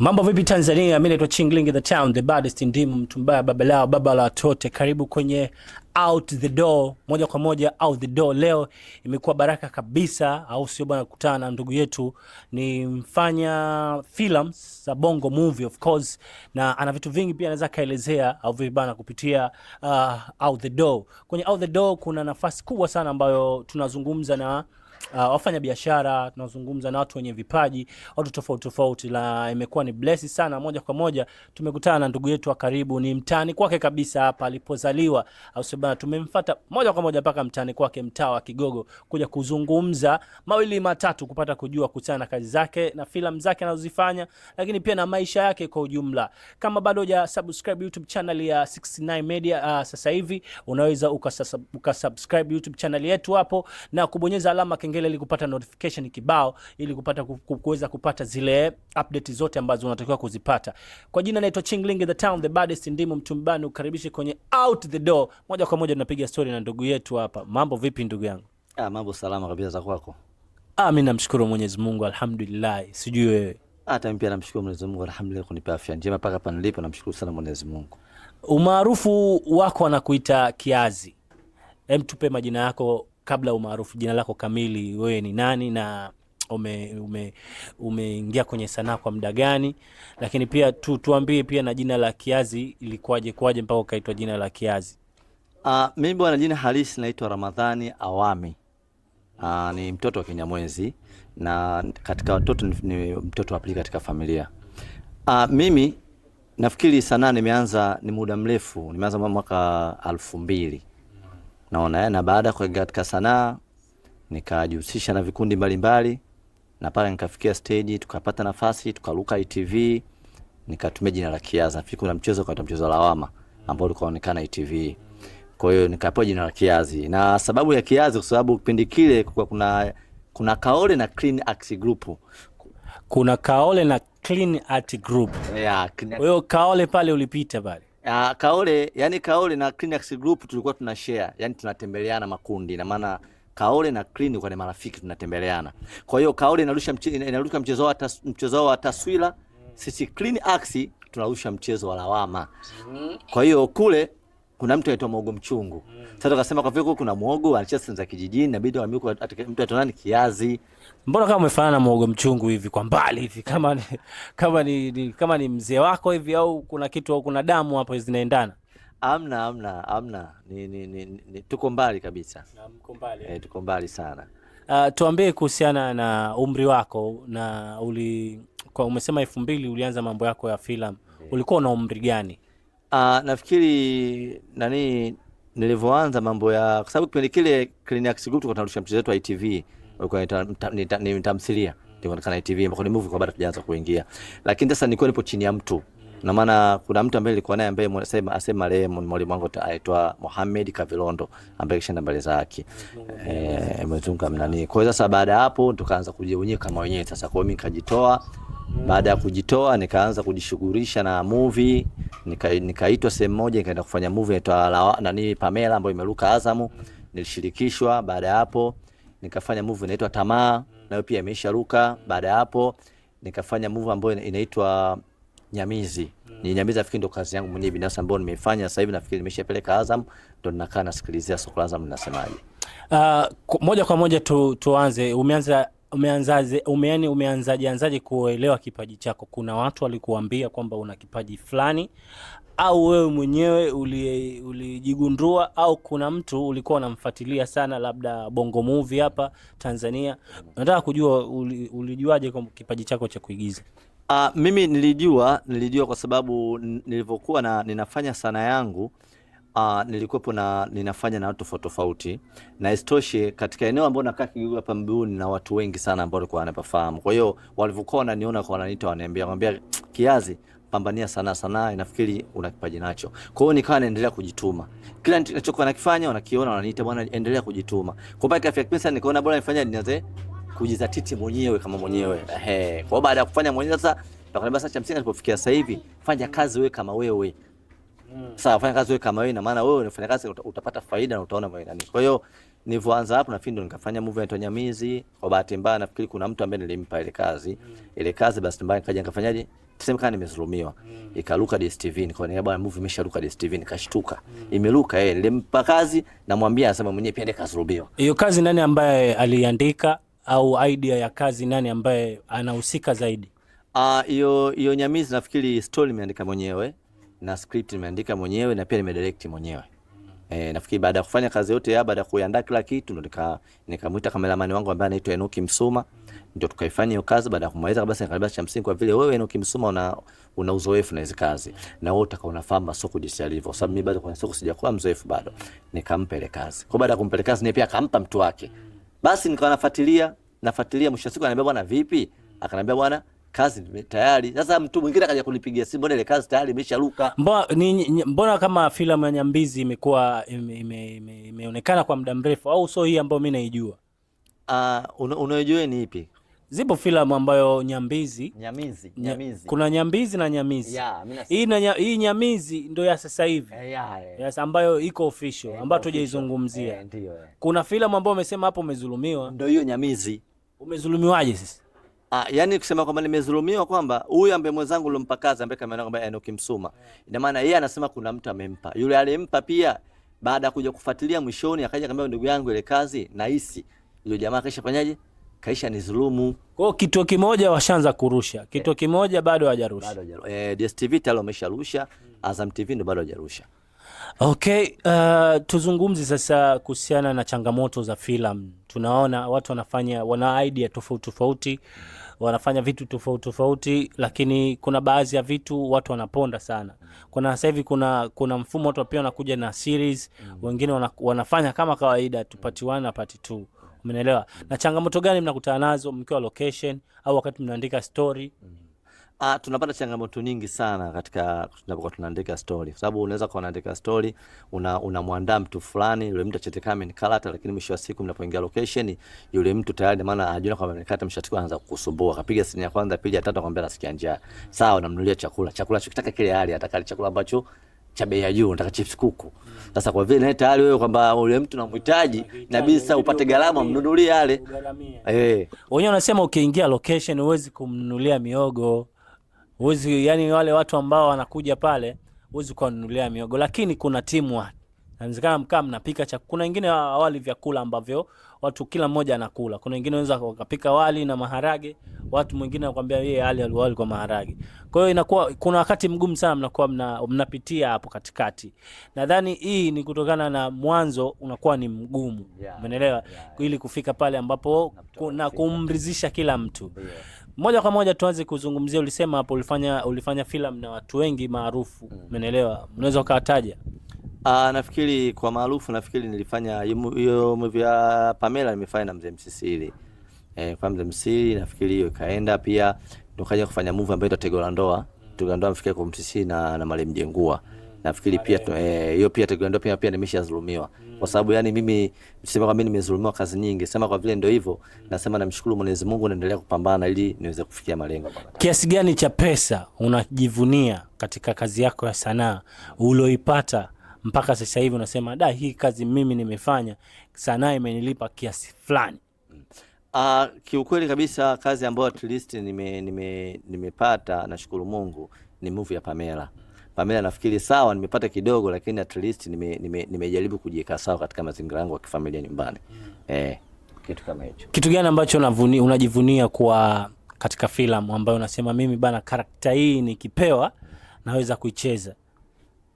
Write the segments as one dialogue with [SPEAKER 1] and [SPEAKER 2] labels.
[SPEAKER 1] Mambo vipi Tanzania? Mimi naitwa Chingling the Town, the baddest ndimu mtu mbaya baba lao baba la watote. Karibu kwenye out the door, moja kwa moja out the door. Leo imekuwa baraka kabisa, au sio bwana? Kukutana na ndugu yetu ni mfanya films za Bongo movie of course, na ana vitu vingi pia anaweza kaelezea au vipi bwana, kupitia uh, out the door. Kwenye out the door kuna nafasi kubwa sana ambayo tunazungumza na uh, ah, wafanya biashara, tunazungumza na watu wenye vipaji, watu tofauti tofauti, la imekuwa ni blessi sana. Moja kwa moja tumekutana na ndugu yetu wa karibu, ni mtani kwake kabisa hapa alipozaliwa, au sema tumemfuata moja kwa moja mpaka mtani kwake, mtaa wa Kigogo, kuja kuzungumza mawili matatu, kupata kujua kuhusiana na kazi zake na filamu zake anazozifanya, lakini pia na maisha yake kwa ujumla. Kama bado huja subscribe YouTube channel ya 69 Media, uh, sasa hivi unaweza ukasubscribe YouTube channel yetu hapo na kubonyeza alama kengele ili kupata notification kibao ili kupata kuweza kupata zile update zote ambazo unatakiwa kuzipata. Kwa jina naitwa Chingling the town the baddest, ndimo mtumbani, ukaribishe kwenye out the door. Moja kwa moja tunapiga story na ndugu yetu hapa. Mambo vipi ndugu yangu?
[SPEAKER 2] Ah, mambo salama kabisa za kwako?
[SPEAKER 1] Ah, mimi namshukuru Mwenyezi Mungu alhamdulillah. Sijui wewe.
[SPEAKER 2] Hata mimi pia namshukuru Mwenyezi Mungu alhamdulillah, kunipa afya njema mpaka hapa nilipo, namshukuru sana Mwenyezi Mungu.
[SPEAKER 1] Umaarufu wako anakuita Kiazi. Hem, tupe majina yako kabla umaarufu, jina lako kamili, wewe ni nani na umeingia ume, ume kwenye sanaa kwa muda gani? Lakini pia tu, tuambie pia na jina la Kiazi ilikuwaje kuwaje mpaka ukaitwa jina la Kiazi?
[SPEAKER 2] Uh, mimi bwana, jina halisi naitwa Ramadhani Awami. Uh, ni mtoto wa Kinyamwezi na katika watoto ni, ni mtoto wa pili katika familia. Uh, mimi nafikiri sanaa nimeanza ni muda mrefu, nimeanza mwaka alfu mbili naona eh, na baada ya kuingia katika sanaa nikajihusisha na vikundi mbalimbali mbali, na pale nikafikia stage tukapata nafasi tukaruka ITV nikatumia jina la Kiaza. Fiku na mchezo kwa mchezo lawama ambao ulikoonekana ITV. Kwa hiyo nikapewa jina la Kiazi. Na sababu ya Kiazi kwa sababu kipindi kile kulikuwa kuna kuna Kaole na Clean Art Group.
[SPEAKER 1] Kuna Kaole na Clean Art Group. Yeah, Kwa hiyo Kaole pale ulipita pale.
[SPEAKER 2] Uh, Kaole yani Kaole na Clinics Group tulikuwa tuna share, yani tunatembeleana makundi, na maana Kaole na Clinics kwa ni marafiki tunatembeleana. Kwa hiyo Kaole inarusha inarusha mchezo wa tas, mchezo wa taswira, sisi Axi tunarusha mchezo wa lawama. Mm. Kwa hiyo kule kuna mtu aitwa mwogo mchungu. Mm. Sasa tukasema kwa vile kuna mwogo anacheza sehemu za kijijini, inabidi wamiko mtu aitwa nani kiazi.
[SPEAKER 1] Mbona kama umefanana na mwogo mchungu hivi kwa mbali hivi, kama ni, kama ni, ni kama ni mzee wako hivi, au kuna kitu au kuna damu hapo zinaendana?
[SPEAKER 2] Amna, amna, amna, ni, ni, ni, ni, tuko mbali kabisa.
[SPEAKER 1] Na mko mbali
[SPEAKER 2] eh, tuko mbali sana.
[SPEAKER 1] Uh, tuambie kuhusiana na umri wako na uli, kwa umesema elfu mbili ulianza mambo yako ya filamu, Yeah. ulikuwa una umri gani?
[SPEAKER 2] Uh, nafikiri nani nilivyoanza mambo ya kwa sababu kipindi kile Clinics Group tulikuwa tunarusha mchezo wetu ITV, walikuwa ni tamthilia ndio kana ITV ambako ni movie kwa bado tujaanza kuingia, lakini sasa nilikuwa nipo chini ya mtu na maana kuna mtu ambaye alikuwa naye ambaye msema asema marehemu mwalimu wangu aitwa Mohamed Kavilondo ambaye kisha mbele zake eh, mzungu mnani. Kwa hiyo sasa baada ya hapo tukaanza kujionyeka kama wenyewe sasa, kwa hiyo mimi nikajitoa baada ya kujitoa nikaanza kujishughulisha na movie, nikaitwa nika sehemu moja nikaenda kufanya movie inaitwa nani Pamela ambayo imeruka Azamu, nilishirikishwa. Baada ya hapo nikafanya movie inaitwa Tamaa, nayo pia imeisha ruka. Baada ya hapo nikafanya movie ambayo inaitwa Nyamizi. Ni Nyamizi nafikiri ndo kazi yangu mwenyewe binafsi ambayo nimeifanya sasa hivi, nafikiri nimeshapeleka Azam, ndo ninakaa nasikilizia soko la Azam linasemaje.
[SPEAKER 1] Uh, moja kwa moja tu, tuanze umeanza umeanzaje, umeani, umeanzaje anzaje kuelewa kipaji chako? Kuna watu walikuambia kwamba una kipaji fulani, au wewe mwenyewe ulijigundua uli, au kuna mtu ulikuwa unamfuatilia sana, labda Bongo Movie hapa Tanzania? Nataka kujua uli, ulijuaje kwamba kipaji chako cha kuigiza?
[SPEAKER 2] Uh, mimi nilijua nilijua kwa sababu nilivyokuwa na ninafanya sanaa yangu uh, nilikuwepo na ninafanya na watu tofauti tofauti, na istoshe katika eneo ambalo nakaa Kiguu hapa Mbuni na watu wengi sana ambao walikuwa wanapafahamu. Kwa hiyo walivyokuwa wananiona kwa wananiita, wananiambia mwambia Kiazi pambania sana sana, nafikiri una kipaji nacho. Kwa hiyo nikawa naendelea kujituma, kila nilichokuwa nakifanya wanakiona, wananiita bwana, endelea kujituma. Kwa mpaka afya kipesa, nikaona bora nifanye nianze kujizatiti mwenyewe kama mwenyewe ehe. Kwa baada ya kufanya mwenyewe sasa, nakwambia sasa, cha msingi nilipofikia sasa hivi, fanya kazi wewe kama wewe mm. Sawa, fanya kazi wewe kama wewe, na maana wewe unafanya kazi utapata faida na utaona maana nini. Kwa hiyo nilivyoanza hapo, nafikiri ndo nikafanya movie inaitwa Nyamizi. Kwa bahati mbaya, nafikiri kuna mtu ambaye nilimpa ile kazi mm. ile kazi basi mbaya, nikaja nikafanyaje, tuseme kama nimezulumiwa mm. ikaruka DSTV, nikaona bwana, movie imesharuka DSTV, nikashtuka mm. imeruka. Yeye nilimpa kazi, namwambia asema mwenyewe pia ndikazulumiwa.
[SPEAKER 1] Hiyo kazi nani ambaye aliandika au idea ya kazi nani ambaye anahusika zaidi?
[SPEAKER 2] Ah, hiyo hiyo Nyamizi nafikiri story imeandika mwenyewe na script nimeandika mwenyewe na pia nimedirect mwenyewe. E, nafikiri baada ya kufanya kazi yote ya baada ya kuandaa kila kitu ndo nika nikamuita kameramani wangu ambaye anaitwa Enoki Msuma ndio tukaifanya hiyo kazi. Baada ya kumaliza kabisa nikamwambia cha msingi, kwa vile wewe Enoki Msuma una una uzoefu na hizo kazi na wewe utakuwa unafahamu masoko jinsi yalivyo, sababu mimi bado kwenye soko sijakuwa mzoefu bado. Nikampa ile kazi kwa, baada ya kumpa ile kazi naye pia akampa mtu wake, basi nikawa nafuatilia nafuatilia, mwisho siku ananiambia bwana, vipi? Akanambia bwana kazi tayari. Sasa mtu mwingine akaja kunipigia simu, mbona ile kazi tayari imesharuka.
[SPEAKER 1] Mbona kama filamu ya Nyambizi imekuwa imeonekana kwa muda mrefu, au sio hii ambayo mimi naijua?
[SPEAKER 2] Uh, ah, unaojua ni ipi?
[SPEAKER 1] Zipo filamu ambayo Nyambizi, Nyamizi, Nyamizi. Kuna Nyambizi na Nyamizi yeah, hii, na, hii Nyamizi ndio ya sasa hivi
[SPEAKER 2] yeah, yeah.
[SPEAKER 1] Yes, ambayo iko official yeah, ambayo tujaizungumzia yeah, yeah. Kuna filamu ambayo umesema hapo umezulumiwa,
[SPEAKER 2] ndio hiyo Nyamizi.
[SPEAKER 1] Umezulumiwaje sasa?
[SPEAKER 2] Ah, yani kusema kwamba nimezulumiwa kwamba huyu ambaye mwenzangu ulimpa kazi ambaye kama kwamba yani ukimsuma. Ina maana yeye anasema kuna mtu amempa. Yule aliyempa pia baada ya kuja kufuatilia mwishoni akaja kambia ndugu yangu ile kazi nahisi. Yule jamaa kaisha fanyaje? Kaisha nizulumu.
[SPEAKER 1] Kwa hiyo kituo kimoja washaanza kurusha. Kituo eh. kimoja bado hajarusha. Bado
[SPEAKER 2] hajarusha. Eh, DSTV tayari wamesharusha. Hmm. Azam TV ndo bado hajarusha.
[SPEAKER 1] Okay, uh, tuzungumze sasa kuhusiana na changamoto za filamu. Tunaona watu wanafanya wana idea tofauti tofauti, wanafanya vitu tofauti tofauti, lakini kuna baadhi ya vitu watu wanaponda sana. Kuna sasa hivi kuna kuna mfumo watu pia wanakuja na series, mm. wengine wana, wanafanya kama kawaida tu part 1 na part 2. Umeelewa? Mm. Na changamoto gani mnakutana nazo mkiwa location au wakati mnaandika story? Mm.
[SPEAKER 2] Ah, tunapata changamoto nyingi sana katika tunapokuwa tunaandika story, kwa sababu unaweza kuwa unaandika story una unamwandaa mtu fulani, yule mtu achetekana main character, lakini mwisho wa siku mnapoingia location, yule mtu tayari, maana anajiona kwamba amekata mshatiko anaanza kukusumbua, akapiga sini ya kwanza, pili, ya tatu, akamwambia nasikia njaa. Sawa, namnunulia chakula, chakula chokitaka kile, hali atakali chakula ambacho cha bei ya juu, nataka chips kuku. Sasa kwa vile tayari wewe kwamba yule mtu namhitaji na bisa upate gharama mnunulie yale.
[SPEAKER 1] Eh, wenyewe unasema ukiingia location huwezi kumnunulia miogo Uwezi, yani wale watu ambao wanakuja pale huwezi kuwanunulia miogo, lakini kuna timu inawezekana mkaa mnapika chakula. Kuna wengine awali vyakula ambavyo watu kila mmoja anakula. Kuna wengine wanaweza wakapika wali na maharage, watu mwingine anakuambia yeye ali wali kwa maharage. Kwa hiyo inakuwa kuna wakati mgumu sana mnakuwa mna, mnapitia hapo katikati. Nadhani hii ni kutokana na mwanzo unakuwa ni mgumu, umeelewa? yeah, yeah, yeah. ili kufika pale ambapo na kumridhisha kila mtu yeah. Moja kwa moja tuanze kuzungumzia, ulisema hapo ulifanya ulifanya filamu na watu wengi maarufu, umeelewa? mm. unaweza ukawataja?
[SPEAKER 2] Uh, nafikiri kwa maarufu, nafikiri nilifanya hiyo movie ya Pamela, nimefanya na mzee Msisili eh, kwa mzee Msisili nafikiri hiyo ikaenda pia, kaja kufanya movie ambayo itategwa ndoa mm. tugandoa mfikie kwa Msisili na na Mali Mjengua nafikiri pia eh, hiyo eh, pia ndio pia pia nimeshadhulumiwa Kwa sababu yani mimi sema kwa mimi nimezulumiwa kazi nyingi, sema kwa vile ndio hivyo Nasema namshukuru Mwenyezi Mungu, naendelea kupambana ili niweze kufikia malengo.
[SPEAKER 1] Kiasi gani cha pesa unajivunia katika kazi yako ya sanaa ulioipata mpaka sasa hivi, unasema da, hii kazi mimi nimefanya, sanaa imenilipa kiasi fulani? mm.
[SPEAKER 2] Uh, kiukweli kabisa kazi ambayo at least nime nimepata nime nashukuru Mungu ni movie ya Pamela Pamela nafikiri sawa, nimepata kidogo, lakini at least nimejaribu nime, nime kujiweka sawa katika mazingira yangu ya kifamilia nyumbani mm. Eh,
[SPEAKER 1] kitu kama hicho. Kitu gani ambacho unavuni, unajivunia kwa katika filamu ambayo unasema mimi bana, karakta hii nikipewa naweza kuicheza?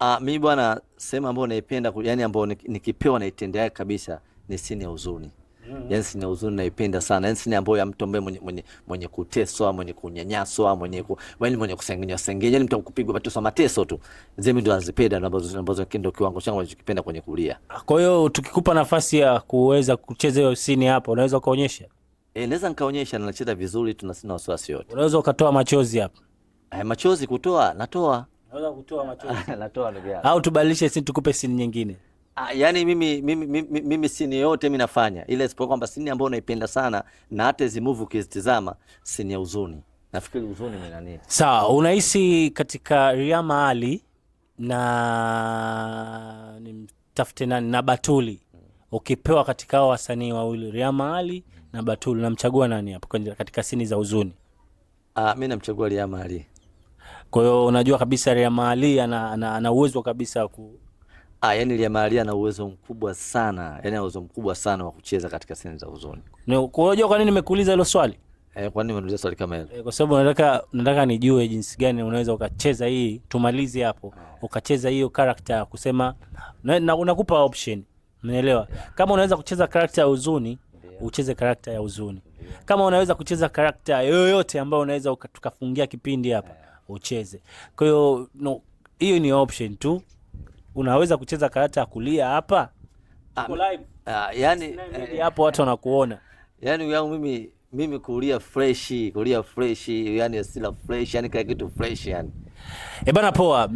[SPEAKER 2] Ah, mimi bwana, sema ambayo naipenda, yani ambayo nikipewa naitendea kabisa ni sini ya huzuni mm. Mm-hmm. Yani sina huzuni naipenda sana, yani ni ambayo ya mtu ambaye mwenye mwenye, mwenye kuteswa, mwenye kunyanyaswa, mwenye ku, mwenye, yaani mwenye kusengenywa sengenywa, yani mtu kupigwa mateso mateso tu, zemi ndo anazipenda na ambazo ambazo ndio kiwango changu anachokipenda kwenye kulia.
[SPEAKER 1] Kwa hiyo tukikupa nafasi ya kuweza kucheza hiyo scene hapo, unaweza kuonyesha?
[SPEAKER 2] Eh, naweza nikaonyesha na nacheza vizuri, tu na sina wasiwasi yote.
[SPEAKER 1] Unaweza ukatoa machozi hapo?
[SPEAKER 2] Eh, machozi kutoa natoa,
[SPEAKER 1] Unaweza kutoa machozi natoa ndugu yangu, au tubadilishe scene, tukupe scene nyingine.
[SPEAKER 2] Ah, yani mimi mimi, mimi, mimi sini yote mimi nafanya ile, sipo kwamba sini ambayo naipenda sana na hata hizo movie ukizitizama sini ya huzuni, nafikiri huzuni ni nani.
[SPEAKER 1] Sawa, unahisi katika Riyama Ali na nimtafute nani na Batuli ukipewa katika hao wasanii wawili Riyama Ali na Batuli, namchagua nani hapo katika sini za huzuni?
[SPEAKER 2] Ah, mimi namchagua Riyama Ali.
[SPEAKER 1] Kwa hiyo unajua kabisa Riyama Ali ana, ana uwezo kabisa ku
[SPEAKER 2] Ah, yani Iliamali ana uwezo mkubwa sana, yani uwezo mkubwa sana wa kucheza katika sehemu za huzuni.
[SPEAKER 1] Unajua kwa nini nimekuuliza hilo swali?
[SPEAKER 2] Eh, kwa nini umeniuliza swali kama hilo?
[SPEAKER 1] Eh, kwa sababu nataka nataka nijue jinsi gani unaweza ukacheza hii, tumalize hapo. Eh. Ukacheza hiyo character ya kusema na, na, unakupa option. Unaelewa? Kama unaweza kucheza character ya huzuni, ucheze character ya huzuni. Kama unaweza kucheza character yoyote ambayo unaweza tukafungia kipindi hapa, eh. ucheze. Kwa hiyo no, hiyo ni option tu unaweza kucheza karata ya kulia hapa ah, ah, eh, hapo, watu wanakuona
[SPEAKER 2] yani yangu mimi mimi kulia fresh kulia fresh yani sila fresh yani kila kitu fresh yani.
[SPEAKER 1] E bana, poa.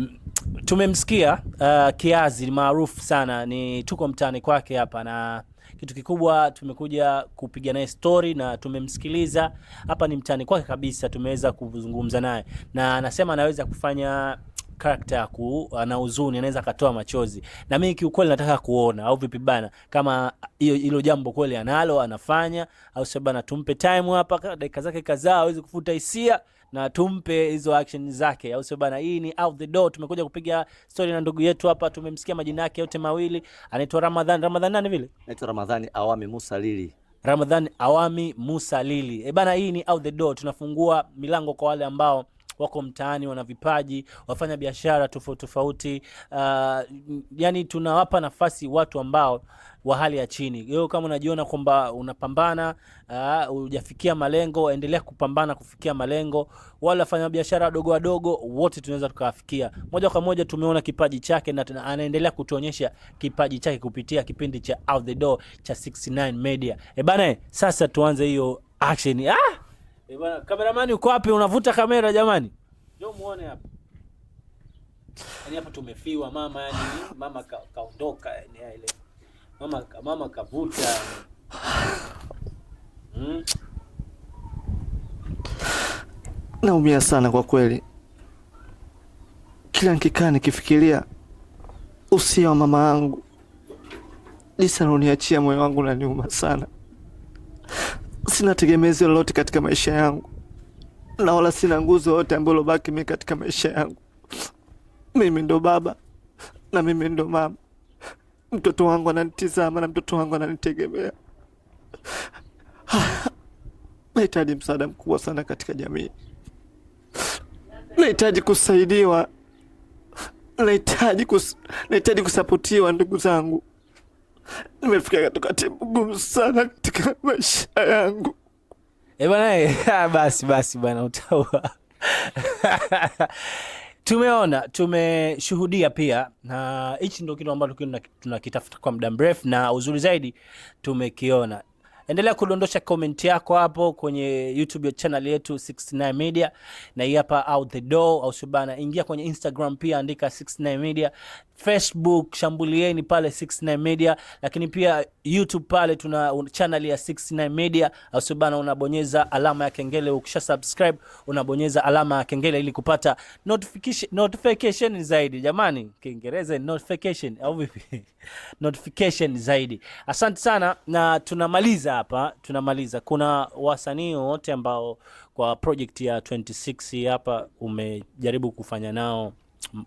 [SPEAKER 1] Tumemsikia uh, Kiazi maarufu sana, ni tuko mtaani kwake hapa, na kitu kikubwa tumekuja kupiga naye story na tumemsikiliza hapa, ni mtaani kwake kabisa, tumeweza kuzungumza naye na anasema anaweza kufanya karakta ya ku ana huzuni, anaweza akatoa machozi, na mimi kiukweli nataka kuona au vipi bana, kama hiyo hilo jambo kweli analo anafanya, au sio bana? Tumpe time hapa, dakika zake kadhaa, aweze kufuta hisia na tumpe hizo action zake, au sio bana? Hii ni out the door. Tumekuja kupiga story na ndugu yetu hapa, tumemsikia majina yake yote mawili, anaitwa Ramadhan. Ramadhan nani vile
[SPEAKER 2] anaitwa? Ramadhani Awami Musa Lili
[SPEAKER 1] Ramadhan Awami Musa Lili. E bana, hii ni out the door, tunafungua milango kwa wale ambao wako mtaani, wana vipaji, wafanya biashara tofauti tofauti. Uh, yani tunawapa nafasi watu ambao wa hali ya chini. Wewe kama unajiona kwamba unapambana, ah, hujafikia uh, malengo, endelea kupambana kufikia malengo. Wale wafanyabiashara wadogo wadogo wote tunaweza tukawafikia. Moja kwa moja tumeona kipaji chake na anaendelea kutuonyesha kipaji chake kupitia kipindi cha Out the Door cha 69 Media. E bana, sasa tuanze hiyo action. Ah! Eh, bwana kameramani uko wapi? Unavuta kamera jamani. Njoo muone hapa. Yaani hapa tumefiwa mama yani mama ka, kaondoka yani ile. Yaani, yaani, mama mama kavuta. Mm. Naumia sana kwa kweli. Kila nikikaa nikifikiria usia wa mama yangu, Lisa anaoniachia moyo wangu na unaniuma sana. Sina tegemezi lolote katika maisha yangu na wala sina nguzo yote ambayo ilobaki mimi katika maisha yangu. Mimi ndo baba na mimi ndo mama. Mtoto wangu ananitizama na mtoto wangu ananitegemea. Nahitaji msaada mkubwa sana katika jamii. Nahitaji kusaidiwa, nahitaji kus, nahitaji kusapotiwa. Ndugu zangu, nimefika katika wakati mgumu sana katika maisha yangu. E bwana, eh, ah, basi basi bwana, utaua Tumeona, tumeshuhudia pia, na hichi ndio kitu ambacho tunakitafuta kwa muda mrefu, na uzuri zaidi tumekiona endelea kudondosha komenti yako hapo kwenye YouTube channel yetu 69 Media, na hii hapa out the door, au subana. Ingia kwenye Instagram pia andika 69 Media, Facebook shambulieni pale 69 Media, lakini pia YouTube pale tuna channel ya 69 Media, au subana. Unabonyeza alama ya kengele, ukisha subscribe unabonyeza alama ya kengele ili kupata notification, notification zaidi. Jamani, Kiingereza notification au vipi? notification zaidi. Asante sana na tunamaliza hapa tunamaliza. Kuna wasanii wote ambao kwa project ya 26 hapa umejaribu kufanya nao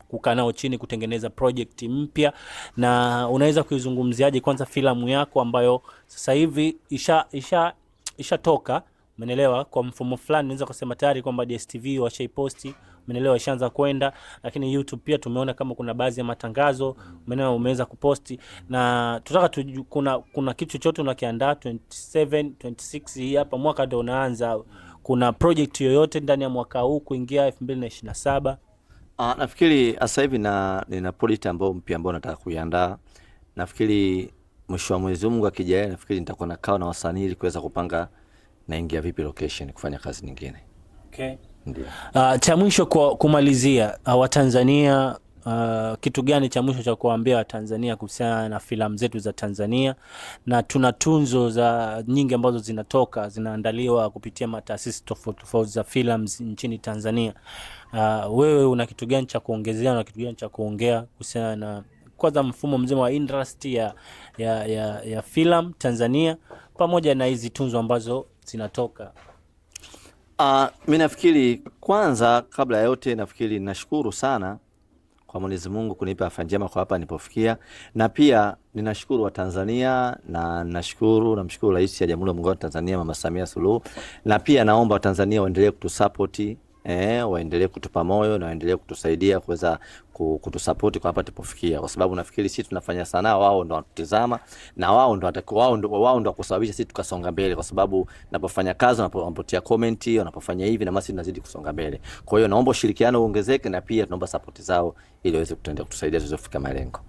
[SPEAKER 1] kukaa nao chini kutengeneza project mpya, na unaweza kuizungumziaje kwanza filamu yako ambayo sasa hivi isha isha ishatoka, umeelewa? Kwa mfumo fulani unaweza kusema tayari kwamba DSTV washaiposti umeelewa, ishaanza kwenda. Lakini YouTube pia tumeona kama kuna baadhi ya matangazo umeelewa, umeweza kuposti na tutaka tuju, kuna, kuna kitu chochote unakiandaa 27 26 hii hapa mwaka ndio unaanza, kuna project yoyote ndani ya mwaka huu kuingia 2027?
[SPEAKER 2] Uh, ah, nafikiri sasa hivi na nina project ambayo mpya ambayo nataka kuiandaa nafikiri mwisho wa mwezi Mungu akijalia, nafikiri nitakuwa nakaa na wasanii ili kuweza kupanga naingia vipi location kufanya kazi nyingine. Okay.
[SPEAKER 1] Uh, cha mwisho kwa kumalizia uh, Watanzania uh, kitu gani cha mwisho cha kuwaambia Watanzania kuhusiana na filamu zetu za Tanzania, na tuna tunzo za nyingi ambazo zinatoka zinaandaliwa kupitia mataasisi tofauti tofauti za filamu nchini Tanzania. Uh, wewe una kitu gani cha kuongezea na kitu gani cha kuongea kuhusiana na kwanza mfumo mzima wa industry ya, ya, ya, ya filamu Tanzania pamoja na hizi tunzo ambazo zinatoka
[SPEAKER 2] Uh, mi nafikiri kwanza, kabla ya yote, nafikiri nashukuru sana kwa Mwenyezi Mungu kunipa afya njema kwa hapa nilipofikia, na pia ninashukuru Watanzania na nashukuru namshukuru Rais ya Jamhuri ya Muungano wa Tanzania Mama Samia Suluhu, na pia naomba Watanzania waendelee kutusapoti eh, waendelee kutupa moyo na waendelee kutusaidia kuweza kutusapoti kwa hapa tupofikia, kwa sababu nafikiri sisi tunafanya sanaa, wao ndo wanatutizama na wao ndo wao ndo wao ndo kusababisha sisi tukasonga mbele, kwa sababu napofanya kazi, wanapotia comment, wanapofanya hivi, na masi tunazidi kusonga mbele. Kwa hiyo naomba ushirikiano uongezeke, na pia tunaomba sapoti zao ili waweze kutendea kutusaidia tuweze kufika malengo.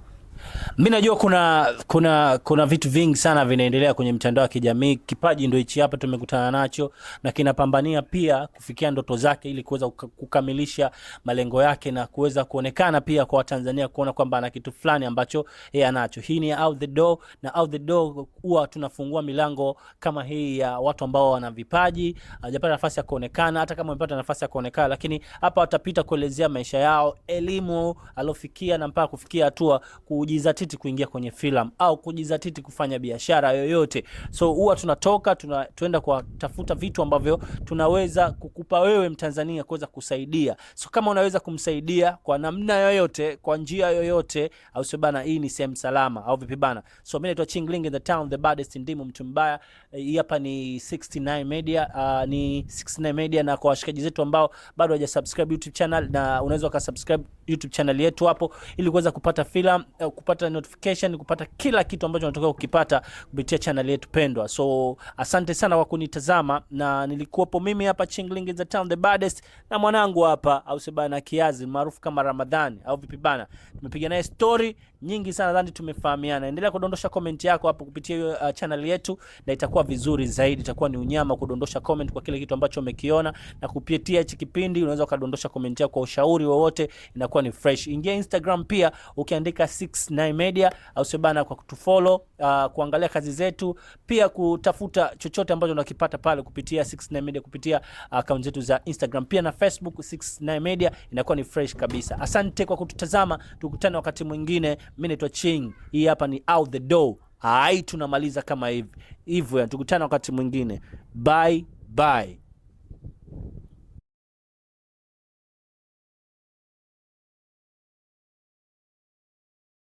[SPEAKER 1] Mimi najua kuna kuna kuna vitu vingi sana vinaendelea kwenye mtandao wa kijamii. Kipaji ndio hichi hapa tumekutana nacho, na kinapambania pia kufikia ndoto zake ili kuweza kukamilisha malengo yake na kuweza kuonekana pia kwa Watanzania kuona kwamba ana kitu fulani ambacho yeye anacho. Hii ni Out the Door, na Out the Door huwa tunafungua milango kama hii ya watu ambao wana vipaji, hajapata nafasi ya kuonekana, hata kama amepata nafasi ya kuonekana, lakini hapa watapita kuelezea maisha yao, elimu aliofikia na mpaka kufikia hatua kuuji kujizatiti kuingia kwenye filamu au kujizatiti kufanya biashara yoyote. So huwa tunatoka tuna, tuenda kuwatafuta vitu ambavyo tunaweza kukupa wewe Mtanzania kuweza kusaidia. So kama unaweza kumsaidia kwa namna yoyote, kwa njia yoyote, au sio bana, hii ni sehemu salama au vipi bana? So mimi naitwa Chingling in the town the baddest ndimu mtu mbaya. Hii hapa ni 69 Media, uh, ni 69 Media na kwa washikaji zetu ambao bado hawajasubscribe YouTube channel na unaweza ukasubscribe YouTube channel yetu hapo, ili kuweza kupata filamu, eh, kupata notification, kupata kila kitu ambacho unataka kukipata kupitia channel yetu pendwa. So asante sana kwa kunitazama, na nilikuwapo mimi hapa Chingling in the town the baddest, na mwanangu hapa au sebana Kiazi maarufu kama Ramadhani au vipi bana. Tumepiga naye story nyingi sana, nadhani tumefahamiana. Endelea kudondosha comment yako hapo kupitia hiyo uh, channel yetu, na itakuwa vizuri zaidi, itakuwa ni unyama kudondosha comment kwa kile kitu ambacho umekiona na kupitia hichi kipindi, unaweza kudondosha comment yako kwa ushauri wowote na inakuwa ni fresh. Ingia Instagram pia ukiandika 69 Media au sio bana, kwa kutufollow uh, kuangalia kazi zetu pia kutafuta chochote ambacho unakipata pale kupitia 69 Media kupitia akaunti uh, zetu za Instagram pia na Facebook 69 Media inakuwa ni fresh kabisa. Asante kwa kututazama, tukutane wakati mwingine. Mimi naitwa Ching, hii hapa ni out the door. Ai, tunamaliza kama hivi hivyo, tukutane wakati mwingine. Bye bye.